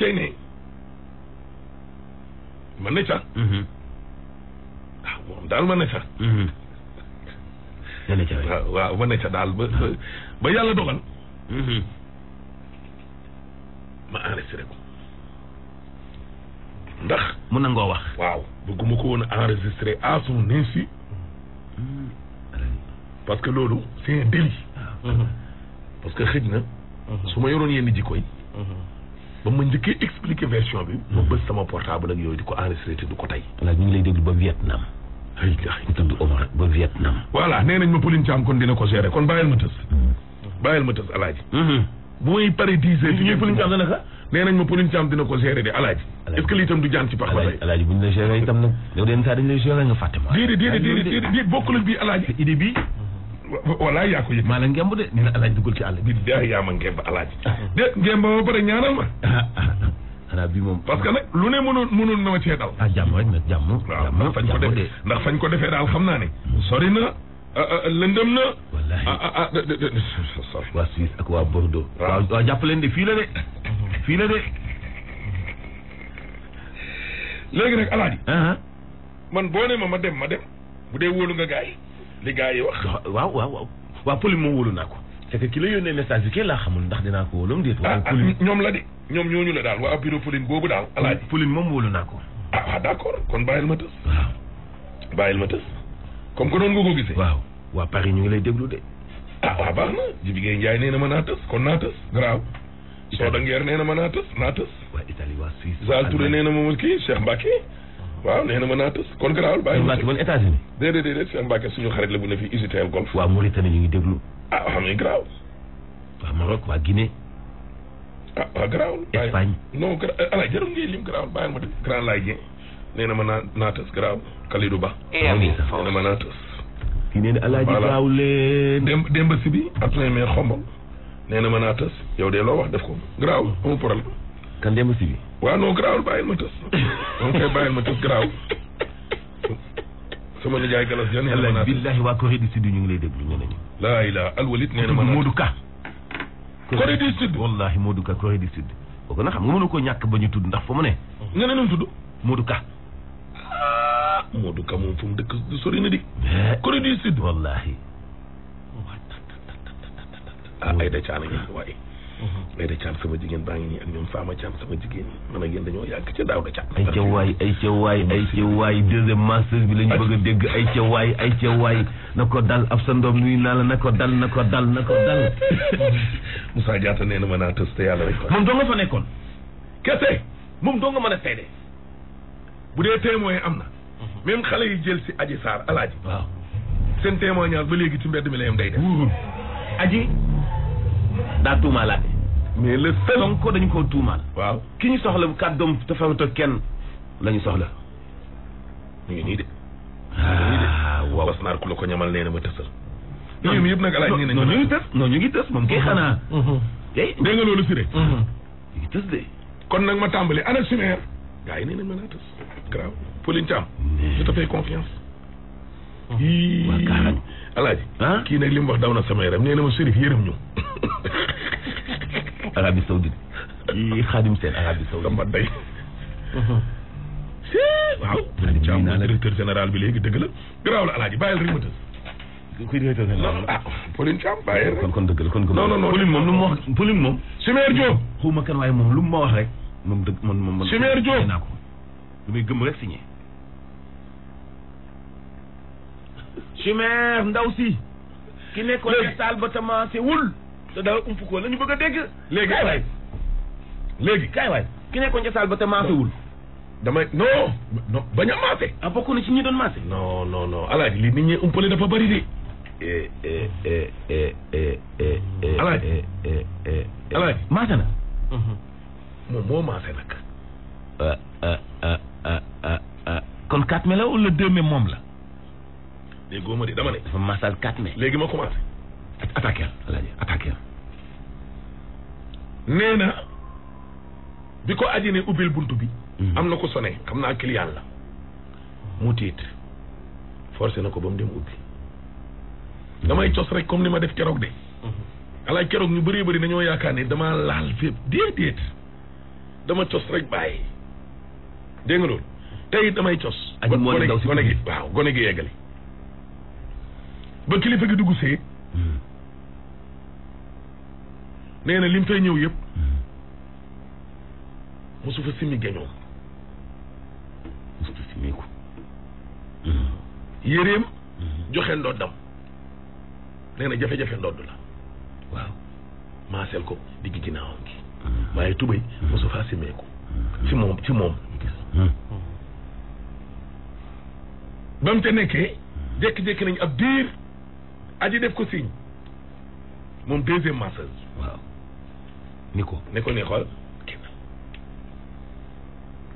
ne mën na ca. Mm-hmm. ah moom daal mën na ca. Mm-hmm. mën na ca daal ba ba yàlla dogal. Mm-hmm. ma enregistré ko ndax. mun na wax. waaw bëgguma ko woon a enregistré à son parce que loolu c'est un délit. Ah. parce que xëj na. su ma yoroon yenn jikko ba ma njëkkee expliqué version bi. ma bës sama portable ak yooyu di ko enregistré du ko tey. voilà kon dina ko kon bàyyil ma tës. bàyyil ma tës alaaji. Mhm. bu may pare dix heures. ñu ngi Pauline Thiam dana ka. nee nañ nag. yow de saa dañ lay gérer nga fàtte ma. déedéet déedéet déedéet déedéet bokkul ak bii alaaji. idée bi walaay yaa ko yëg maa la ngemb de nee na alaaj dugal ci àll bi daa yaa ma ngemb alaaj ah. de ngemb ba pare ñaanal ma ah, ah, xanaa bi moom parce que nag lu ne mënoon mënoon na ma cee dal ah jàmm rek fañ ko defee xam naa ne sori na lëndëm waa Suisse ak waa Bordeaux waaw waaw jàpp leen de fii la de fii la de léegi man boo ne ma ma dem ma dem bu dee wóolu nga gars li gars yi wax. waaw waaw waaw waaw Pauline moom wóolu naa ko. c'est que ki la yónnee message bi kenn laa xamul ndax dinaa ko wóolam déet. waaw ah, ah, Pauline ñoom la di ñoom ñooñu la daal waa bureau Pauline boobu daal. alaaj Pauline moom wóolu naa ko. ah ah kon bàyyil ma tës. waaw bàyyil ma tës. comme que ko gisee. waaw waa Paris ñu ngi lay déglu de. ah waaw ah, baax na Jibi Gueye Ndiaye na ma naa tës kon naa tës garaaw. Soda Ngeer nee na ma naa tës naa tës. waa Italie waa Suisse. Zal Touré nee ma ma kii Cheikh waaw nee na mën naa tës kon garaawul bàyyi. Mbacke man États-Unis. déedéet déedéet Cheikh Mbacke suñu xarit la bu ne fi usiteel golf. waaw Mauritanie ñu ngi déglu. ah xam nga garaaw. ma dégg. Eh, Grand na ma naa naa tës garaawul Kalidou Ba. eh ma naa tës. kii nee na alaaji garaawul leen. dem Demba Sibi. après maire xombal nee na ma naa yow de loo wax def ko garaawul amul problème. kan Demba Sibi. waaw non garaawul bàyyil ma tës. moom kay bàyyil ma tës garaaw. sama nijaay galas jan. yàlla naa waa Corée du Sud ñu ngi lay déglu ñu ne ñu. laa ilaa alwalit nee na ma Modou Ka. Corée du Sud wallaahi Modou Ka Corée du Sud. kooku nag xam nga mënu ko ñàkk ba ñu tudd ndax fa mu ne. nga nu mu tudd. Ka. ah Modou Ka moom fu mu dëkk du sori na di. Eh. Corée du Sud wallaahi. ah ay da caa nañu waaye. mais da caam sama jigéen baa ngi nii ak ñoom faama caam sama jigéen ñi man ak yéen dañoo yàgg ca daaw da caam ay ca waay ay ca waay ay ca waay deuxième master bi la ñu bëgg a dégg ay ca waay ay ca waay na ko dal ab sa ndoom nuyu naa la na ko dal na ko dal na ko dal Moussa Diatta nee na ma naa tës te yàlla rek moom doo nga fa nekkoon kese moom doo nga mën a seede bu dee témoin am na mhm. même xale yi jël si aji saar alaaji waaw seen témoignage ba léegi ci mbedd mi la yem day def aji daa tuumaalaate mais le fait ko dañu koo tuumaal. waaw ki ñu soxla bu kàddoom dafa toog kenn la ñu soxla. ñu ah. ngi nii de. waaw bas naar ku la ko ñamal nee ma tësal. yooyu yëpp nag alaaj nee na ñu ngi tës non ñu ngi tës moom kay xanaa. kay dégg mhm. Mhm. kon nag ma tàmbali ana sumeer. gars yi nee ma naa tës. grave Pauline Thiam. je mhm. nag li mu wax daw na sama yaram ma Chérif yërëm ñu. Arabie Saoudite kii Xaadim Sène Arabie Saoudite. Samba Day. Uh-huh. waaw. Xaadim Thiam directeur bi léegi dëgg la. garaaw la alaaji bàyyil rek ma tës. kuy directeur général ah Pauline Thiam bàyyi kon kon dëgg la kon non non non Pauline moom lu mu wax Pauline moom. Chimère Diop. xawma kan waaye moom lu ma wax rek. moom dëgg man man man. Chimère Diop naa ko. lu gëm rek signé. Chimère ndaw si. ki nekkoon saal ba commencé wul. te daa ump ko la ñu bëgg a dégg. léegi kaay waay léegi ki nekkoon ca ba te maasewul. damay non non bañ maase. ah bokk na ci ñi doon maase. non non non alaaji li nit ñi umpale dafa bëri de. alaaji alaaji maase na. Mhm. moom moo maase nag. Ah, ah, ah, kon 4 mai la wala 2 mai moom la. léegi góoma de dama ne. dafa maasal 4 mai. léegi ma commencé. attaqué nee na bi ko aji ne ubbil buntu bi. Mhm. am na ko sone xam naa client la mu tiit forcé na ko ba mu dem ubbi. damay cos rek comme ni ma def keroog de. Mhm. alaaj keroog ñu bari bari dañoo yaakaar ni dama laal fépp déedéet dama cos rek bàyyi dégg nga loolu tey damay cos. aji moo ne si gone gi waaw gone gi yeggali ba kilifa gi dugg see. Mhm. nee na lim fay ñëw yëpp mosu fa simi geñoom mosu fa simi yéreem joxe ndoddam nee na jafe-jafe ndodd la waaw maasel ko digg ginnaawam gi waaye tubéy mosu faa simeeku hmm. ci moom ci moom hmm. ba mu te nekkee jékki-jékki nañ ab diir aji def ko signe moom deuxième masseuse waaw ni ko ne ko nii xool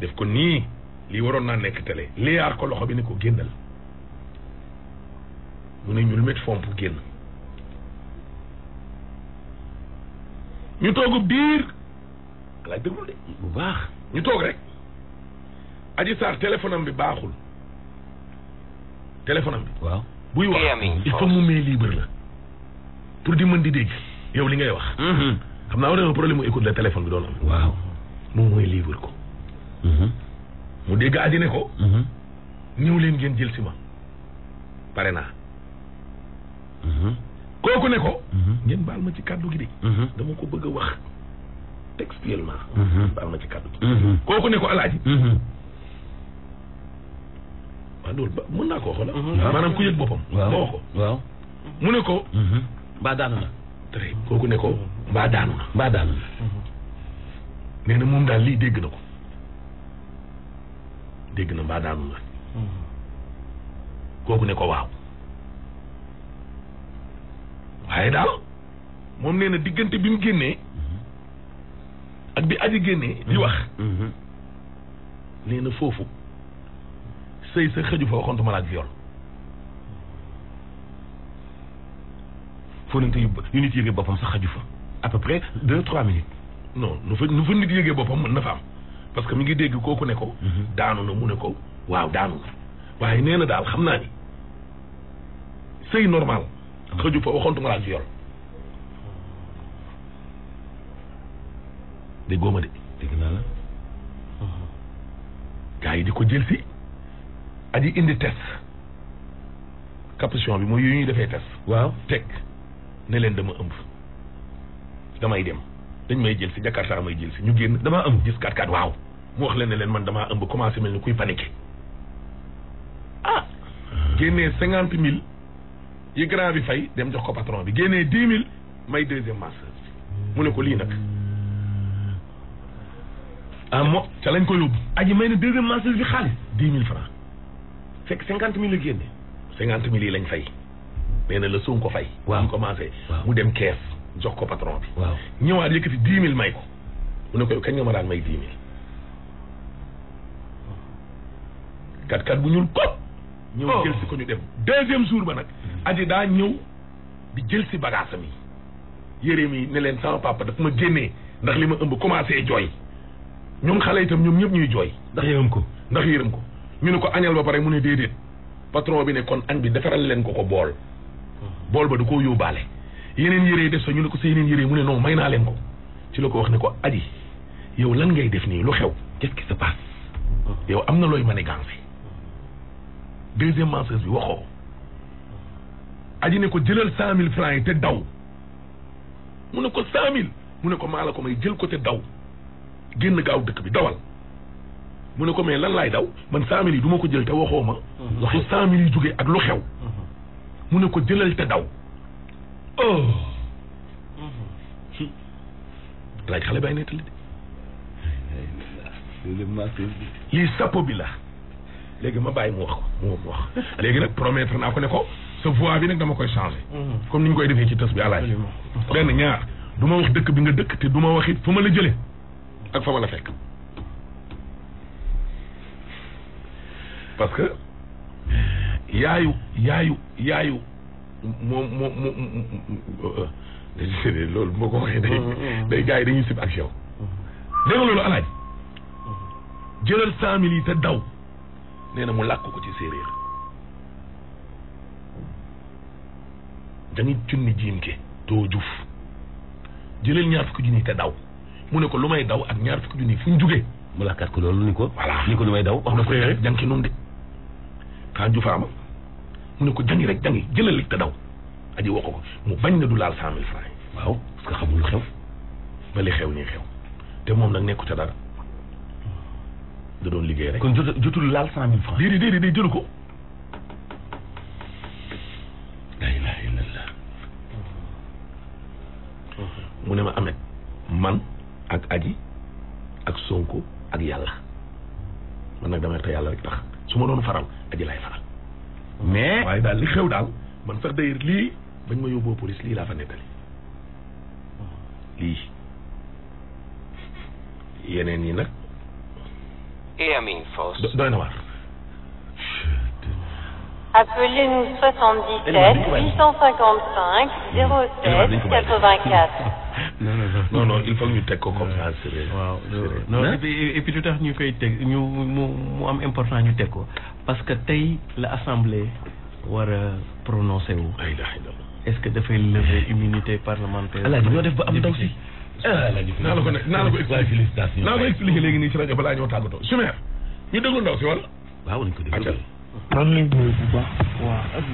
def ko nii lii waroon naa nekk télé liyaar ko loxo bi ni ko génnal mu ne ñul met fomp génn ñu toogu biir alaaj déglu de bu baax ñu toog rek aji saar bi baaxul téléphone bi waaw buy wax il faut mu mee libre la pour di mën di dégg yow li ngay wax mm-hmm. xam naa war problème mu écoute la téléphone bi doon am. waaw moom mooy livre ko. Mhm. mu dégg aji ne ko. Mhm. ñëw leen ngeen jël ma pare naa. Mhm. kooku ne ko. ngeen baal ma ci kàddu gi de. dama ko bëgg a wax textuellement. baal ma ci kàddu gi. kooku ne ko alaaji. waaw naa koo xoolal. maanaam ku yëg boppam. moo ko waaw. ne ko. mbaa daanu na. très ko mbaa daanu na mbaa daanu na mm-hmm. nee na moom daal lii dégg na ko dégg na mbaa daanu na mm-hmm. kooku ne ko waaw waaye daal moom nee na diggante bi mu génnee mm-hmm. ak bi aji génnee di wax nee na foofu sëy sa xëju fa waxontuma la ak fóonante yu yu nit yëgee boppam sax xaju fa à peu deux trois minutes. non nu fa nu fa nit yëgee boppam mën na fa am parce que mu ngi dégg kooku ne ko. Mhm. daanu na mu ne ko waaw daanu na waaye nee na daal xam naa ni sëy normal xaju fa waxoontuma laa viol déggoo ma dégg naa la gars yi di ko jël si aji indi test capuchon bi mooy yu ñuy defee test waaw teg ne leen dama ëmb damay dem dañ may jël si Jakarta may jël si ñu génn damaa ëmb gis kat kat waaw mu wax leen ne leen man damaa ëmb commencé mel ni kuy paniqué ah. génnee cinquante mille yi grand bi fay dem jox ko patron bi génnee dix mille may deuxième masseuse mu ne ko lii nag ah mo ca lañ ko yóbbu. aji may ne deuxième masseuse bi xaalis dix mille francs cinquante mille la génne cinquante mille yi lañ fay. nee la Sonko fay. waaw mu commencé. mu dem kees jox ko patron bi. waaw ñëwaat yëkkati dix mille may ko. mu ne ko kañ nga ma daan may dix kat kat bu ñuul kot. ñëw oh. jël si ko ñu dem deuxième jour ba nag. Hmm. aji daa ñëw di jël si bagage am yi yéreem yi ne leen sama papa daf ma génnee ndax li ma ëmb commencé jooy ñoom xale itam ñoom ñëpp ñuy jooy. ndax yërëm ko ndax yërëm ko. mu ne ko añal ba pare mu ne déedéet patron bi ne kon añ bi defaral leen ko ko bool. bool ba du koo yóbbaale yeneen yére yi def sa ñu ne ko sa yeneen yére yi mu ne non may naa leen ko ci la ko wax ne ko aji yow lan ngay def nii lu xew qu'est-ce qui se passe yow am na looy manigance deuxième mensonge bi waxoo aji ne ko jëlal cent mille francs yi te daw mu ne ko cent mu ne ko maa la ko may jël ko te daw génn gaaw dëkk bi dawal mu ne ko mais lan laay daw man cent mille yi du ma ko jël te waxoo ma mhm. waxu cent mille yi jógee ak lu xew mu ne ko jëlal te daw oh laaj xale bàyyi nettali lii sapo bi la léegi ma bàyyi mu wax ko mu wax léegi nag promettre naa ko ne ko sa voix bi nag dama koy changé mm-hmm. comme ni ñu koy defee ci tës bi alaaj benn ñaar du ma wax dëkk bi nga dëkk te du ma wax it fu ma la jële ak fa ma la fekk parce que yaayu yaayu yaayu moom moom moom loolu boo ko waxee day mm-hmm. day gars yi dañuy sib ak yow dégg nga loolu alaaj mm-hmm. jëlal cent mille yi te daw nee na mu làkk ko ci séeréer dangit junni jiim ke doo juf jëlal ñaar fukki junni te daw mu ne ko lu may daw ak ñaar fukki junni fu ñu jugee mu làkkaat ko loolu ni ko voilà ni ko lu may daw wax na ko jànki num de kaa jufaama mu ne ko jangi rek jangi jëlal li te aji woo mu bañ na du laal waaw parce que lu xew xew nii xew te moom nag nekku ca dara liggéey rek. kon jot jotul laal cent mille ko. mu ne ma Ameth man ak aji ak sonko ak yàlla man nag damay te yàlla rek tax su ma doon faral aji lay faral. mais waaye daal li xew daal man sax day lii bañ ma yóbboo police lii laa fa nettali lii yeneen yi nag. doy na waar. Appelez-nous 77 855 07 84. non non non il faut ñu teg ko comme ça waaw non et puis lu tax ñu koy teg ñu mu mu am important ñu teg ko parce que tey la assemblée war a prononcé wu. est-ce que dafay lever immunité parlementaire. alaaji ñoo def ba am ndaw si. Ah. Ah, alaaji naa la ko nekk naa la ko expliqué naa la ko expliqué léegi nii ci rajo balaa ñoo tàggatoo. su ñu déglu ndaw si wala. waaw nañu ko déglu daan nañ ko bu baax.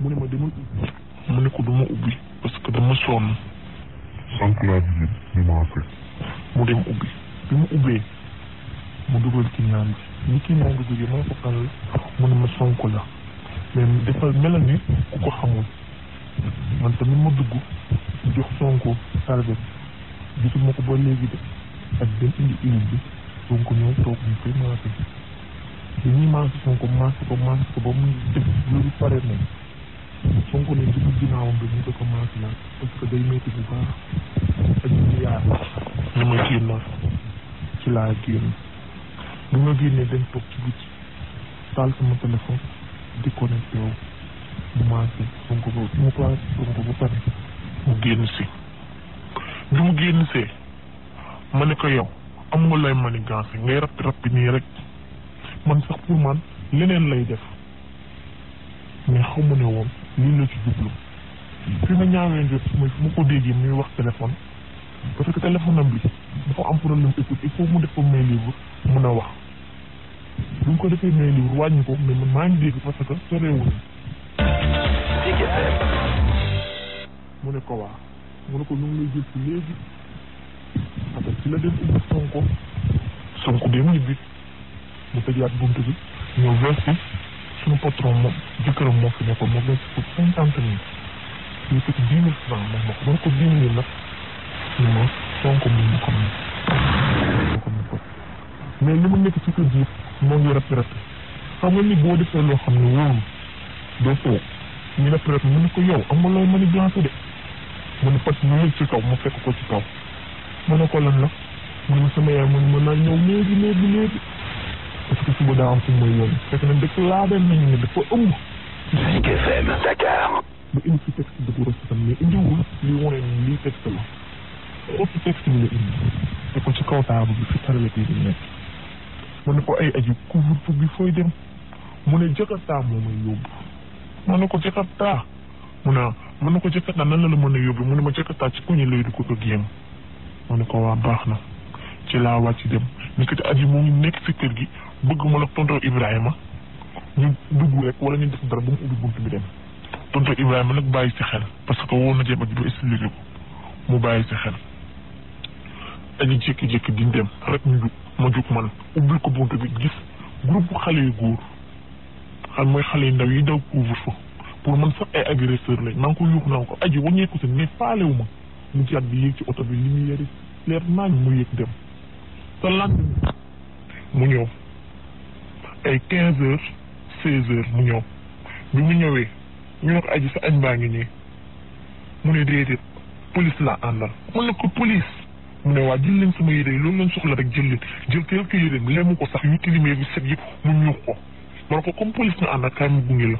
mu ne ma dama ubbi. mu ne ko dama ubbi. parce que dama sonn. sànq laa bi ni maa fekk. mu dem ubbi. bi mu ubbee. mu dugal ci naan bi. ni ci ñaan bi jógee maa ko kan la. mu ne ma Sonko la. mais dafa mel ku ko xamul. man tamit ma dugg. jox Sonko. salbe gisuma ko ba léegi de. ak dem indi unité Sonko ñëw toog ñu koy maase dañuy maase Sonko ko maase ko ko mu maase Sonko ba mu maase Sonko ba pare mu génn si bi mu génn see ma ne ko yow amul lay manigance ngay rappi rappi nii rek man sax pour man leneen lay def mais xaw ma ne woon lii la ci jublu fi ma ñaawee njot mooy ma ko déggee muy wax téléphone parce que téléphone am bi dafa am problème écoute mu def ko mail livre mun a wax bu ñu ko defee mail livre wàññi mais maa ngi dégg parce que sorewul mu ne ko waa mu ne ko lu lay jël si léegi parce que ci la dem bi ñëw ko doon ko dix mille nag ñu ma Sonko mu ma ko ko mais li mu nekk ci kër gi moo ngi retraité xam nga ni boo defee loo xam ne wóoru doo toog ñu retraité mu ne ko yow am nga loo mën a blanché de mu ne pat mu yëg ci kaw mu fekk ko ci kaw mën na ko lan la mu ne sama yaay mun mën na ñëw léegi léegi léegi parce que suba daa am fu muy yónni fekk laa dem nañu ne dafa ëmb Zik si texte de bourse tam li wane lii texte la xottu ko ci kaw taabu bi fi tarale bi ne ko ay aju couvre-feu bi fooy dem mu ne Jakarta moo may yóbbu ne ko Jakarta mu ne ah, mën na ko Jakarta la la mën a yóbbu mu ne ma Jakarta ci kuñi lay du ko ko génn ma ne ko waa baax na ci laa wàcc dem nekkati at yi moo ngi nekk si kër gi bëgg ma nag tonton Ibrahima ñu dugg rek wala ñu def dara ba mu ubbi bunt bi dem tonton Ibrahima nag bàyyi si xel parce que woon na jabar ji ba expliqué ko mu bàyyi si xel aji jékki-jékki di dem rek ñu jug ma jug man ubbi ko bunt bi gis groupe xale yu góor xam mooy xale yu ndaw yi daw couvre pour man sax ay agresseur lañ maa ngi ko yuux naa ko aji wàññeeku si mais faalewu mu jàdd bi yéeg ci oto bi lumière yi leer naañ mu yéeg dem mu ñëw ay quinze heures seize heures mu ñëw bi mu ñëwee ñu ne ko aji sa añ baa ngi nii mu ne déedéet police laa àndal mu ne ko police mu ne waa jël leen sama yére yi loolu lañ soxla rek jël leen jël quelques yéreem lemu ko sax yu tilimee bi set yëpp mu ñuux ko ma ne ko comme police na àndal kaay mu gunge la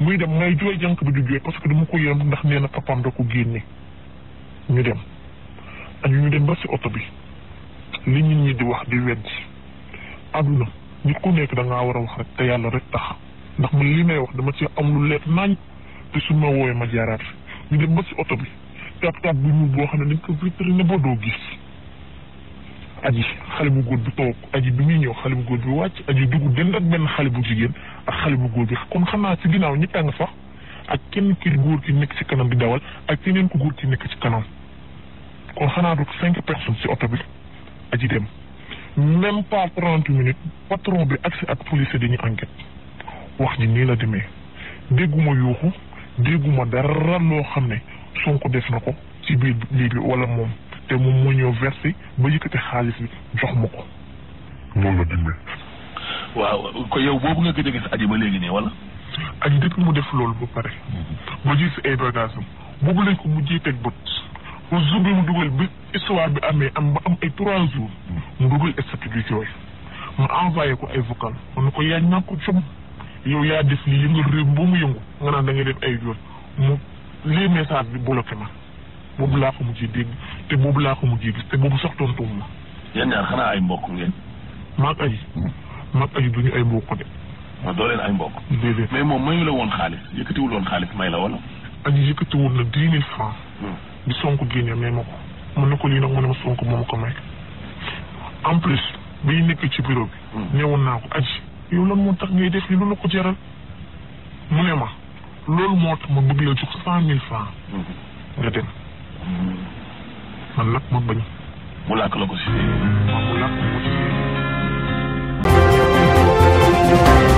muy dem ngay jooy jànk bi du jooy parce que ma ko yërëm ndax nee na papaam ko génne ñu dem ak ñu dem ba si oto bi li nit ñu di wax di weddi àdduna nit ku nekk da war a wax rek te yàlla rek tax ndax man li may wax dama ci am lu leer naañ te su ma wooyee ma jaaraat ñu dem ba si oto bi tap-tap bu ñu boo xam ne dañ ko vitrine ba doo gis aji xale bu góor bi toog aji bi muy ñëw xale bu góor bi wàcc aji dugg dend ak benn xale bu jigéen ak xale bu góor bi kon xam naa ci ginnaaw a nga sax ak kenn ki góor ki nekk ci kanam di dawal ak keneen ku góor ki nekk ci kanam kon xanaa du cinq personnes ci oto bi aji dem même pas trente minutes patron bi agsi ak police dañuy enquête wax ji nii la demee dégguma yuuxu dégguma dara loo xam ne Sonko def na ko ci biir lii bi wala moom te moom moo ñëw versé ba yëkkati xaalis bi jox ma ko loolu la demee waaw ko yow boobu nga gëj a gis aji léegi nii wala ak dëkk mu def loolu ba pare. Mhm. ba fi ay bagages am boobu lañ ko mujjee teg bët. au jour bi mu dugal bi histoire bi amee am ba am ay trois jours. Mhm. mu dugal statut bi jooy. mu envoyé ko ay vocal mu ne ko yaa ñàkk ko com yow yaa def lii yëngal réew mu yëngu nga naan da ngay def ay yoon mu lii message bi bloqué ma boobu laa ko mujjee dégg te boobu laa ko mujjee gis te boobu sax tontu ma. yéen ñaar xanaa ay mbokk ngeen. maag aji. Hmm. maag aji duñu ay mbokk de. ma doo leen ay mbokk. déedéet mais moom mayu la woon xaalis yëkkatiwul woon xaalis may la wala. ak yëkkatiwul na dix mille francs. bi hmm. Sonko génnee may ma ko. mën na ko lii nag ma Sonko moo ma ko may. en plus biy nekk ci bureau bi. Hmm. newoon naa ko aji. yow lan moo tax ngay def ni lu la ko jaral. mu ne ma loolu moo tax ma bëgg la jox cent mille francs. Hmm. nga dem. man nag ma bañ. mu làkk ko la ko si.